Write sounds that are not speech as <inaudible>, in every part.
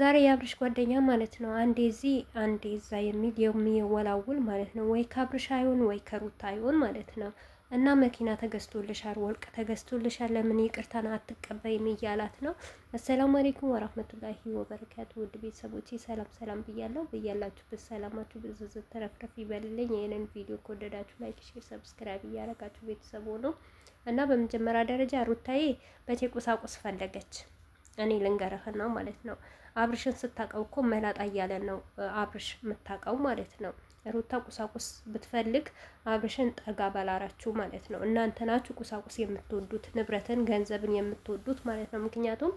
ዛሬ የአብርሽ ጓደኛ ማለት ነው አንዴ እዚህ አንዴ እዛ የሚል የሚወላውል ማለት ነው። ወይ ከአብርሽ አይሆን ወይ ከሩታ አይሆን ማለት ነው። እና መኪና ተገዝቶልሻል፣ ወርቅ ተገዝቶልሻል፣ ለምን ይቅርታን አትቀበይም እያላት ነው። አሰላሙ አሌይኩም ወራህመቱላሂ ወበረካቱ። ውድ ቤተሰቦች ሰላም ሰላም ብያለሁ። ብያላችሁበት ሰላማችሁ ብዝዝ ተረፍረፍ ይበልልኝ። ይህንን ቪዲዮ ከወደዳችሁ ላይክ፣ ሼር፣ ሰብስክራይብ እያረጋችሁ ቤተሰቡ ነው እና በመጀመሪያ ደረጃ ሩታዬ በቴ ቁሳቁስ ፈለገች። እኔ ልንገርህና ማለት ነው አብርሽን ስታቀው እኮ መላጣ እያለን ነው አብርሽ የምታቀው ማለት ነው። ሩታ ቁሳቁስ ብትፈልግ አብርሽን ጠጋ ባላራችሁ ማለት ነው። እናንተ ናችሁ ቁሳቁስ የምትወዱት ንብረትን፣ ገንዘብን የምትወዱት ማለት ነው። ምክንያቱም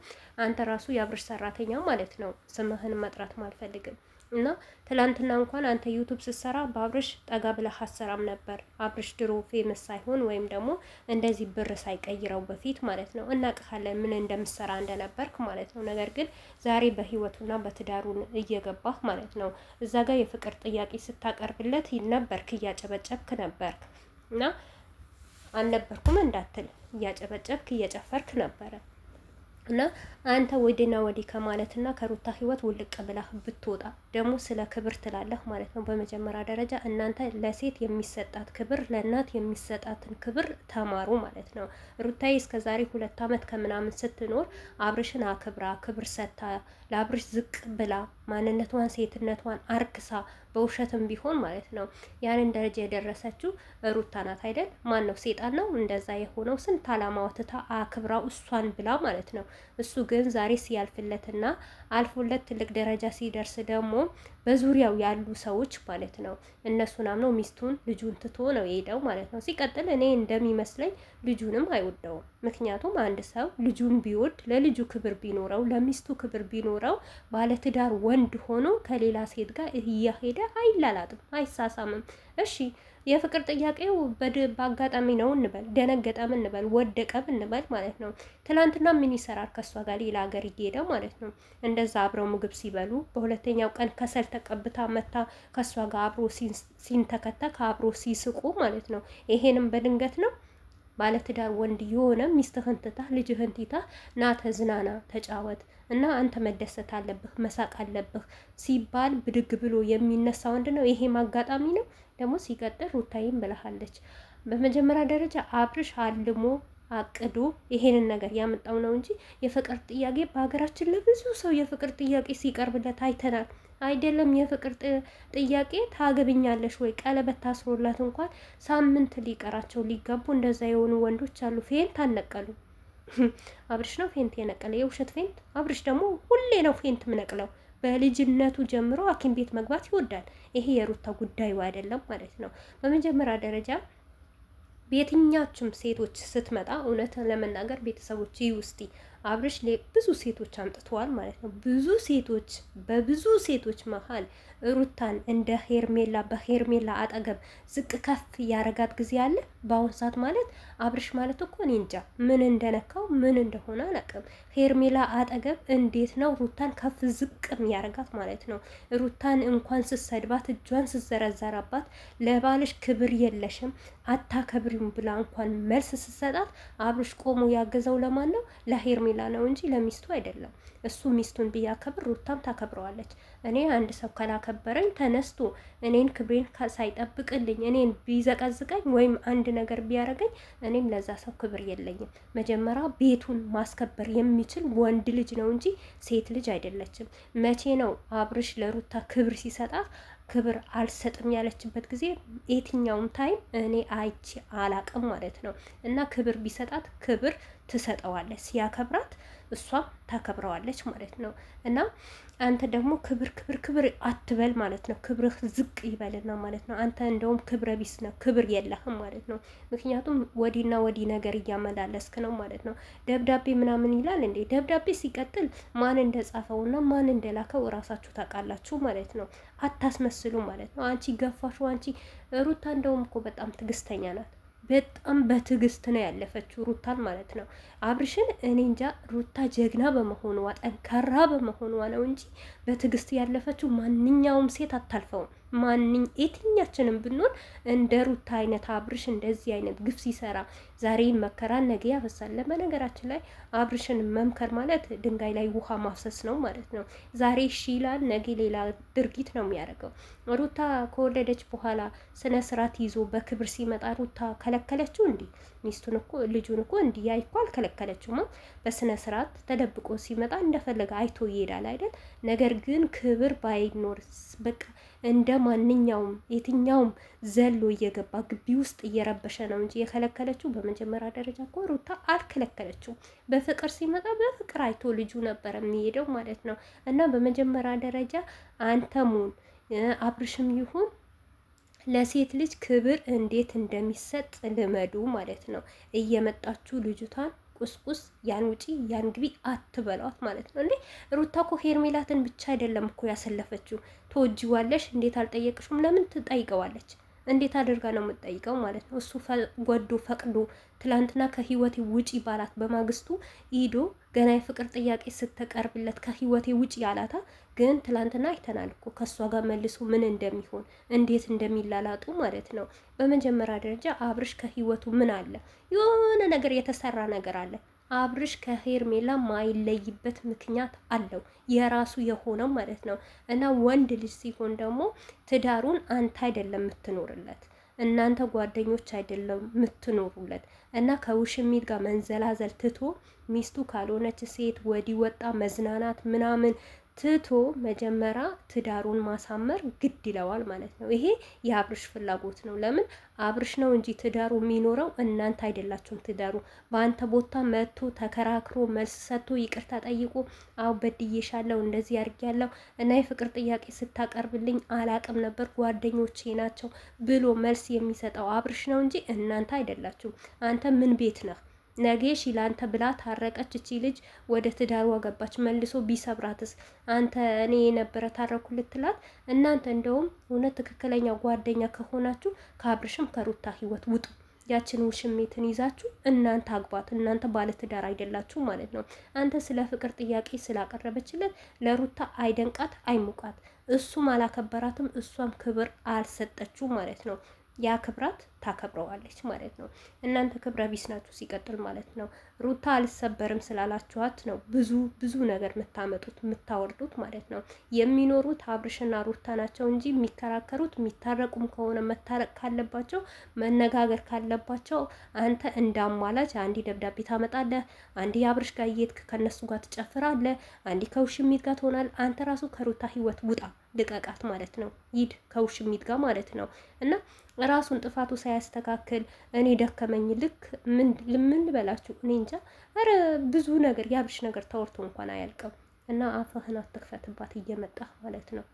አንተ ራሱ የአብርሽ ሰራተኛ ማለት ነው። ስምህን መጥራትም አልፈልግም እና ትላንትና እንኳን አንተ ዩቱብ ስትሰራ በአብርሽ ጠጋ ብለህ አሰራም ነበር። አብርሽ ድሮ ፌመስ ሳይሆን ወይም ደግሞ እንደዚህ ብር ሳይቀይረው በፊት ማለት ነው። እናቅሃለን ምን እንደምሰራ እንደነበርክ ማለት ነው። ነገር ግን ዛሬ በህይወቱና በትዳሩን እየገባህ ማለት ነው። እዛ ጋር የፍቅር ጥያቄ ስታቀርብለት ነበርክ እያጨበጨብክ ነበርክ እና አልነበርኩም እንዳትል እያጨበጨብክ እየጨፈርክ ነበረ እና አንተ ወዲና ወዲህ ከማለትና ከሩታ ህይወት ውልቅ ብላህ ብትወጣ ደግሞ ስለ ክብር ትላለህ ማለት ነው። በመጀመሪያ ደረጃ እናንተ ለሴት የሚሰጣት ክብር፣ ለእናት የሚሰጣትን ክብር ተማሩ ማለት ነው። ሩታዬ እስከዛሬ ሁለት ዓመት ከምናምን ስትኖር አብርሽን አክብራ ክብር ሰታ ለአብርሽ ዝቅ ብላ ማንነቷን ሴትነቷን አርክሳ በውሸትም ቢሆን ማለት ነው። ያንን ደረጃ የደረሰችው ሩታ ናት አይደል? ማን ነው ሴጣን ነው እንደዛ የሆነው? ስንት አላማ ወትታ አክብራው እሷን ብላ ማለት ነው። እሱ ግን ዛሬ ሲያልፍለትና አልፎለት ትልቅ ደረጃ ሲደርስ ደግሞ በዙሪያው ያሉ ሰዎች ማለት ነው እነሱን አምነው ሚስቱን ልጁን ትቶ ነው የሄደው ማለት ነው። ሲቀጥል እኔ እንደሚመስለኝ ልጁንም አይወደውም። ምክንያቱም አንድ ሰው ልጁን ቢወድ ለልጁ ክብር ቢኖረው ለሚስቱ ክብር ቢኖረው ባለትዳር ወንድ ሆኖ ከሌላ ሴት ጋር እያሄደ አይላላጥም፣ አይሳሳምም። እሺ የፍቅር ጥያቄው በአጋጣሚ ነው እንበል፣ ደነገጠም እንበል፣ ወደቀም እንበል ማለት ነው። ትናንትና ምን ይሰራል ከእሷ ጋር ሌላ ሀገር እየሄደ ማለት ነው። እንደዛ አብረው ምግብ ሲበሉ በሁለተኛው ቀን ከሰል ተቀብታ መታ ከእሷ ጋር አብሮ ሲንተከተክ አብሮ ሲስቁ ማለት ነው። ይሄንም በድንገት ነው ባለትዳር ወንድ የሆነ ሚስትህን ትታ ልጅህን ትታ ና ተዝናና፣ ተጫወት እና አንተ መደሰት አለብህ መሳቅ አለብህ ሲባል ብድግ ብሎ የሚነሳ ወንድ ነው። ይሄም አጋጣሚ ነው። ደግሞ ሲቀጥል ሩታይም ብለሃለች። በመጀመሪያ ደረጃ አብርሽ አልሞ አቅዶ ይሄንን ነገር ያመጣው ነው እንጂ የፍቅር ጥያቄ በሀገራችን ለብዙ ሰው የፍቅር ጥያቄ ሲቀርብለት አይተናል። አይደለም የፍቅር ጥያቄ ታገብኛለሽ ወይ ቀለበት ታስሮላት እንኳን ሳምንት ሊቀራቸው ሊጋቡ እንደዛ የሆኑ ወንዶች አሉ። ፌንት አነቀሉ። <laughs> አብርሽ ነው ፌንት የነቀለ የውሸት ፌንት። አብርሽ ደግሞ ሁሌ ነው ፌንት ምነቅለው። በልጅነቱ ጀምሮ ሐኪም ቤት መግባት ይወዳል። ይሄ የሩታ ጉዳዩ አይደለም ማለት ነው። በመጀመሪያ ደረጃ በየትኛችም ሴቶች ስትመጣ እውነት ለመናገር ቤተሰቦች ይውስቲ አብርሽ ብዙ ሴቶች አምጥተዋል ማለት ነው። ብዙ ሴቶች በብዙ ሴቶች መሀል ሩታን እንደ ሄርሜላ በሄርሜላ አጠገብ ዝቅ ከፍ ያረጋት ጊዜ አለ። በአሁን ሰዓት ማለት አብርሽ ማለት እኮ እኔ እንጃ ምን እንደነካው ምን እንደሆነ አላውቅም። ሄርሜላ አጠገብ እንዴት ነው ሩታን ከፍ ዝቅ ያረጋት ማለት ነው። ሩታን እንኳን ስሰድባት እጇን ስዘረዘራባት ለባልሽ ክብር የለሽም አታከብሪም ብላ እንኳን መልስ ስሰጣት አብርሽ ቆሞ ያገዘው ለማን ነው? ለሄርሜላ ሚላ ነው እንጂ ለሚስቱ አይደለም። እሱ ሚስቱን ቢያከብር ሩታም ታከብረዋለች። እኔ አንድ ሰው ካላከበረኝ ተነስቶ እኔን ክብሬን ሳይጠብቅልኝ እኔን ቢዘቀዝቀኝ ወይም አንድ ነገር ቢያደርገኝ እኔም ለዛ ሰው ክብር የለኝም። መጀመሪያ ቤቱን ማስከበር የሚችል ወንድ ልጅ ነው እንጂ ሴት ልጅ አይደለችም። መቼ ነው አብርሽ ለሩታ ክብር ሲሰጣት? ክብር አልሰጥም ያለችበት ጊዜ የትኛውም ታይም እኔ አይቼ አላቅም ማለት ነው። እና ክብር ቢሰጣት ክብር ትሰጠዋለች፣ ሲያከብራት እሷም ታከብረዋለች ማለት ነው። እና አንተ ደግሞ ክብር ክብር ክብር አትበል ማለት ነው። ክብርህ ዝቅ ይበልና ማለት ነው። አንተ እንደውም ክብረ ቢስ ነው፣ ክብር የለህም ማለት ነው። ምክንያቱም ወዲና ወዲ ነገር እያመላለስክ ነው ማለት ነው። ደብዳቤ ምናምን ይላል እንዴ! ደብዳቤ ሲቀጥል ማን እንደጻፈውና ማን እንደላከው እራሳችሁ ታውቃላችሁ ማለት ነው። አታስመስሉ ማለት ነው። አንቺ ገፋሹ፣ አንቺ ሩታ እንደውም እኮ በጣም ትግስተኛ ናት። በጣም በትዕግስት ነው ያለፈችው ሩታን ማለት ነው። አብርሽን እኔ እንጃ ሩታ ጀግና በመሆኗ ጠንካራ በመሆኗ ነው እንጂ በትዕግስት ያለፈችው ማንኛውም ሴት አታልፈውም። ማንኝ የትኛችንም ብንሆን እንደ ሩታ አይነት አብርሽ እንደዚህ አይነት ግፍ ሲሰራ ዛሬ መከራ ነገ ያፈሳል። ለመነገራችን ላይ አብርሽን መምከር ማለት ድንጋይ ላይ ውሃ ማፍሰስ ነው ማለት ነው። ዛሬ እሺ ይላል፣ ነገ ሌላ ድርጊት ነው የሚያደርገው። ሩታ ከወለደች በኋላ ስነ ስርዓት ይዞ በክብር ሲመጣ ሩታ ከለከለችው? እንዲህ ሚስቱን እኮ ልጁን እኮ እንዲህ ያይኮ አልከለከለችውም። በስነ ስርዓት ተደብቆ ሲመጣ እንደፈለገ አይቶ ይሄዳል አይደል? ነገር ግን ክብር ባይኖር በቃ እንደ ማንኛውም የትኛውም ዘሎ እየገባ ግቢ ውስጥ እየረበሸ ነው እንጂ የከለከለችው በመጀመሪያ ደረጃ እኮ ሩታ አልከለከለችው። በፍቅር ሲመጣ በፍቅር አይቶ ልጁ ነበር የሚሄደው ማለት ነው። እና በመጀመሪያ ደረጃ አንተሙን አብርሽም ይሁን ለሴት ልጅ ክብር እንዴት እንደሚሰጥ ልመዱ ማለት ነው። እየመጣችሁ ልጅቷን ቁስቁስ ያን ውጪ ያን ግቢ አትበሏት ማለት ነው እንዴ። ሩታ እኮ ሄርሜላትን ብቻ አይደለም እኮ ያሰለፈችው። ተወጂዋለሽ እንዴት አልጠየቅሽም? ለምን ትጠይቀዋለች? እንዴት አድርጋ ነው የምጠይቀው ማለት ነው። እሱ ወዶ ፈቅዶ ትላንትና ከህይወቴ ውጪ ባላት በማግስቱ ኢዶ ገና የፍቅር ጥያቄ ስተቀርብለት ከህይወቴ ውጪ ያላታ። ግን ትላንትና አይተናል እኮ ከእሷ ጋር መልሶ ምን እንደሚሆን እንዴት እንደሚላላጡ ማለት ነው። በመጀመሪያ ደረጃ አብርሽ ከህይወቱ ምን አለ? የሆነ ነገር የተሰራ ነገር አለ። አብርሽ ከሄርሜላ ማይለይበት ምክንያት አለው የራሱ የሆነው ማለት ነው። እና ወንድ ልጅ ሲሆን ደግሞ ትዳሩን አንተ አይደለም የምትኖርለት እናንተ ጓደኞች አይደለም የምትኖሩለት እና ከውሽሚት ጋር መንዘላዘል ትቶ ሚስቱ ካልሆነች ሴት ወዲህ ወጣ መዝናናት ምናምን ትቶ መጀመሪያ ትዳሩን ማሳመር ግድ ይለዋል ማለት ነው። ይሄ የአብርሽ ፍላጎት ነው። ለምን አብርሽ ነው እንጂ ትዳሩ የሚኖረው እናንተ አይደላችሁም። ትዳሩ በአንተ ቦታ መጥቶ ተከራክሮ መልስ ሰጥቶ ይቅርታ ጠይቆ አው በድዬሻለሁ፣ እንደዚህ አድርጌያለሁ እና የፍቅር ጥያቄ ስታቀርብልኝ አላቅም ነበር ጓደኞቼ ናቸው ብሎ መልስ የሚሰጠው አብርሽ ነው እንጂ እናንተ አይደላችሁም። አንተ ምን ቤት ነህ? ነገሽ ይላንተ ብላ ታረቀች። እቺ ልጅ ወደ ትዳርዋ ገባች። መልሶ ቢሰብራትስ አንተ እኔ የነበረ ታረኩ ልትላት። እናንተ እንደውም እውነት ትክክለኛ ጓደኛ ከሆናችሁ ከአብርሽም ከሩታ ህይወት ውጡ። ያችን ውሽሜትን ይዛችሁ እናንተ አግባት። እናንተ ባለትዳር አይደላችሁ ማለት ነው። አንተ ስለ ፍቅር ጥያቄ ስላቀረበችለት ለሩታ አይደንቃት አይሙቃት። እሱም አላከበራትም፣ እሷም ክብር አልሰጠችው ማለት ነው። ያ ክብራት ታከብረዋለች ማለት ነው። እናንተ ክብረ ቢስ ናችሁ ሲቀጥል ማለት ነው። ሩታ አልሰበርም ስላላችኋት ነው ብዙ ብዙ ነገር የምታመጡት የምታወርዱት ማለት ነው። የሚኖሩት አብርሽና ሩታ ናቸው እንጂ የሚከራከሩት የሚታረቁም ከሆነ መታረቅ ካለባቸው መነጋገር ካለባቸው አንተ እንደ አንዲ ደብዳቤ ታመጣለህ፣ አንዲ የአብርሽ ጋር እየሄድክ ከነሱ ጋር ትጨፍራለህ፣ አንዲ ከውሽሚት ጋር ትሆናል። አንተ ራሱ ከሩታ ህይወት ውጣ። ልቀቃት ማለት ነው። ይድ ከውሽሚት ጋር ማለት ነው። እና ራሱን ጥፋቱ ሳያስተካክል እኔ ደከመኝ ልክ ምን በላችሁ? እኔ እንጃ። ኧረ ብዙ ነገር የአብርሽ ነገር ተወርቶ እንኳን አያልቅም። እና አፍህን አትክፈትባት እየመጣ ማለት ነው።